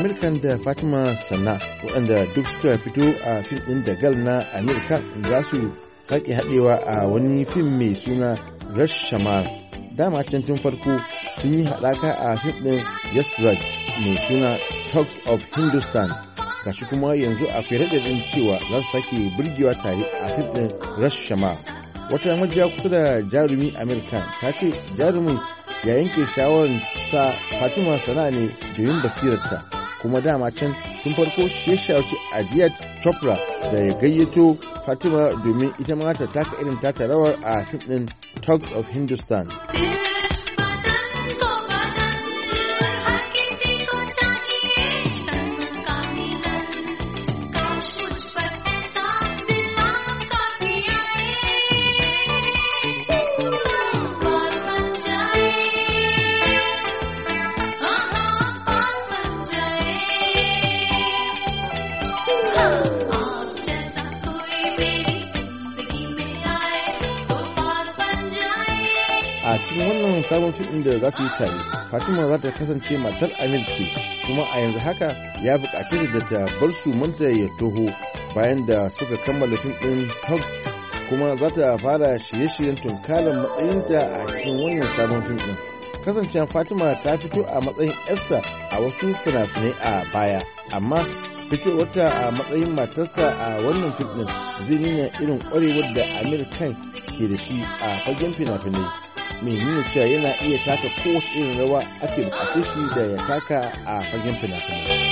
amir da fatima sana waɗanda duk suka fito a fim ɗin da gal na america zasu za su sake haɗewa a wani fim mai suna rush shamal dama can tun farko sun yi haɗaka a fim ɗin yasraj mai suna talks of hindustan gashi kuma yanzu akwai raɗaɗin cewa za su sake burgewa tare a fim ɗin rush shamal wata majiya kusa da jarumi america ta ce jarumin ya yanke shawarar sa fatima sana ne domin basirarta kuma dama can tun farko ya shawarci Adiyat Chopra da ya gayyato Fatima domin ita ma ta taka irin tata rawar a fim ɗin Talk of Hindustan. a cikin wannan sabon fim da za su yi tare fatima za ta kasance matar amir ke kuma a yanzu haka ya buƙaci da ta bar su manta ya toho bayan da suka kammala fim ɗin house kuma za ta fara shirye-shiryen tunkalin matsayinta a cikin wannan sabon fim ɗin kasancewa fatima ta fito a matsayin yarsa a wasu fina-finai a baya amma fitowarta a matsayin matarsa a wannan fim zai nuna irin kwarewar da amir khan ke da shi a fagen fina-finai mai nuna cewa yana iya taka kowace irin rawa ake bukatar shi da ya taka a fagen fina-finai